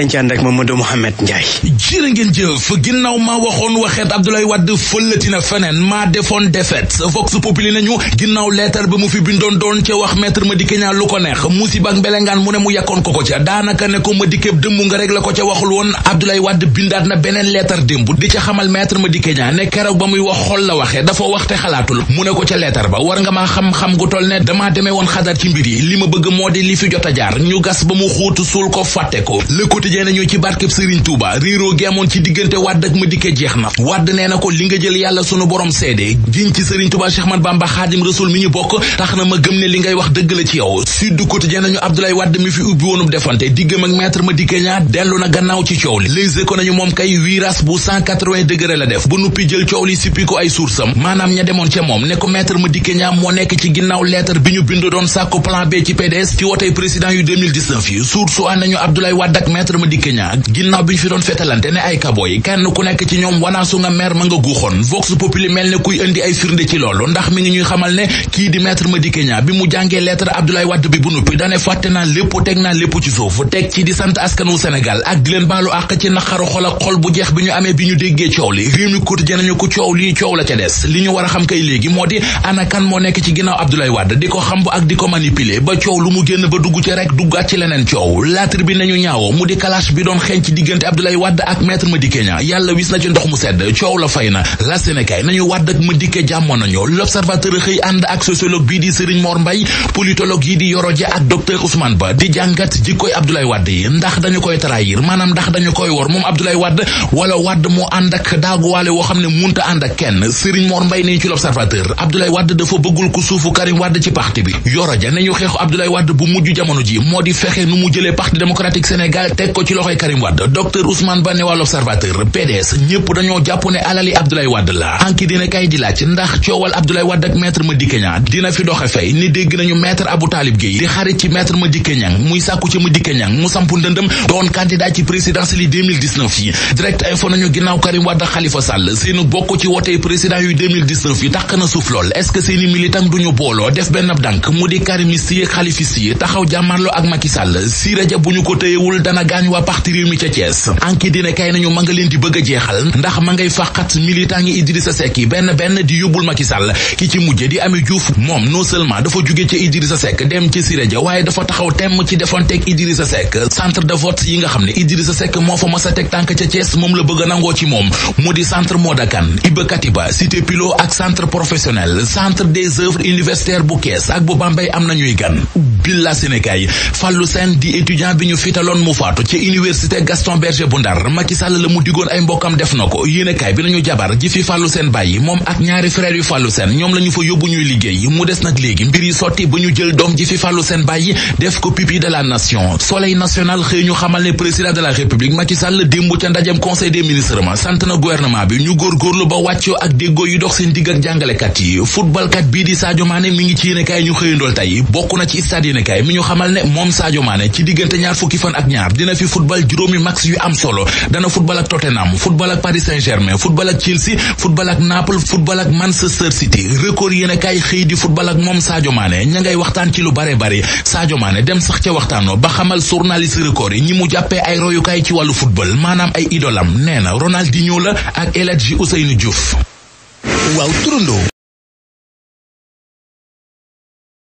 Encaan rek Mamadou Mouhamed Ndiaye. jërë ngeen jëf ginnaaw ma waxoon waxeet Abdoulaye Wade fëllatina feneen maa defoon defet vox populi nañu ginnaaw leetar ba mu fi bindoon doon ca wax maître Madické Niang lu ko neex musiba ak mbelengaan mu ne mu yàkkoon ko ko ca daanaka ne ko Madické dëmb nga rek la ko ca waxul woon Abdoulaye Wade bindaat na beneen leetar démb di ca xamal maître Madické Niang ne keroog ba muy wax xol la waxee dafa waxte xalaatul mu ne ko ca leetar ba war nga maa xam-xam gu toll ne damaa demee woon xadar ci mbir yi li ma bëgg moo di li fi jot a jaar ko quotidien nañu ci barkeb Serigne Touba réeroo gi amoon ci diggante Wade ak Madické jeex na Wade nee na ko li nga jël yàlla sunu borom seede giñ ci Serigne Touba Cheikh Ahmadou Bamba Xaadim Rasul mi ñu bokk tax na ma gëm ne li ngay wax dëgg la ci yow Sud Quotidien nañu Abdoulaye Wade mi fi ubbi woonub defante diggam ak maître Madické Niang dellu na gannaaw ci coow li Les Échos nañu moom kay virage bu 180 la def ba nuppi jël coow li sippi ko ay sursam maanaam ña B ci PDS ci wotey Ibrahima Dické Niang ginnaaw bi ñu fi doon feetalante ne ay kaboy kenn ku nekk ci ñoom wanaasu nga mer ma nga guuxoon vox populi mel ne kuy indi ay firnde ci loolu ndax mi ngi ñuy xamal ne kii di maître ma Dické Niang bi mu jàngee lettre Abdoulaye Wade bi bu nuppi dane fàtte naa lépp teg naa lépp ci suuf teg ci di sant askanu Sénégal ak di leen baalu àq ci naqaru xol ak xol bu jeex bi ñu amee bi ñu déggee coow li réew coow la ca des li ñu war a xam kay léegi ba coow lu mu génn ba dugg la tribune nañu ñaawo kalash bi doon xeeñ ci diggante Abdoulaye Wade ak maître Madické Niang yàlla wis na ci ndox mu sedd coow la fay na la Sénégal nañu Wade ak Madické di Serigne Mor Mbaye dafa bëggul ku suufu Karim Wade ci parti bi Yoro Dia nañu xeexu Abdoulaye Wade bu mujj jamono ji moo di fexe nu mu jëlee parti démocratique Sénégal teg ko ci loxoy Karim Wade docteur Ba ne waa l'Observateur PDS dañoo jàpp ne alali Abdoulaye Wade la anki dina kay di ndax coowal Abdoulaye Wade ak maître Madické Niang dina fi doxe fay ni dégg nañu maître Abou Talib Gueye di xarit ci maître Madické Niang muy sàkku ci Madické Niang mu sampu ndëndëm doon candidat ci présidentielle yi 2019 yi direct info nañu ginnaaw Karim Wade Khalifa Sall bokk ci wotey président yu yi taq na suuf lool est seeni militant campagne waa parti réew ca Thiès anki dina kay nañu ma nga leen di bëgg a jeexal ndax ma ngay fàqat militant yi Idrissa Seck yi benn benn di yóbbul Macky Sall ki ci mujje di Ami Diouf moom non seulement dafa jóge ca Idrissa Seck dem ci Siré waaye dafa taxaw temm ci defonteeg Idrissa Seck centre de vote yi nga xam ne Idrissa Seck moo fa mas a teg tànk ca Thiès moom la bëgg a nangoo ci moom mu di centre Modakan Iba Katiba Cité Pilo ak centre professionnel centre des œuvres universitaires bu Kees ak bu Bambey am nañuy gan billa Sénégal yi Fallou Sène di étudiant bi ñu fitaloon mu faatu ci université Gaston Berger bu Ndar Macky la mu digoon ay mbokkam def na ko yéenekaay bi nañu jabar ji fi Fallou Sène bàyyi moom ak ñaari frère yu Fallou Sène ñoom la ñu fa yóbbu ñuy liggéey mu des nag léegi mbir yi sotti ba ñu jël doom ji fi Fallou Sène bàyyi def ko pipi de la nation soleil national xëy ñu xamal ne président de la république Macky Sall démb ca ndajem conseil des ministres yéenekaay mi ñu xamal ne moom Sadio Mané ci diggante ñaar fukki fan ak ñaar dina fi football juróomi max yu am solo dana football ak Tottenham football ak Paris Saint-Germain football ak Chelsea football ak Naples football ak Manchester City record yéenekaay xëy di football ak moom Sadio Mané ña ngay waxtaan ci lu bare bare Sadio Mané dem sax ca waxtaanoo ba xamal journaliste record yi ñi mu jàppee ay royukaay ci wàllu football maanaam ay idolam nee na Ronaldinho la ak e Hadji Ousseynou Diouf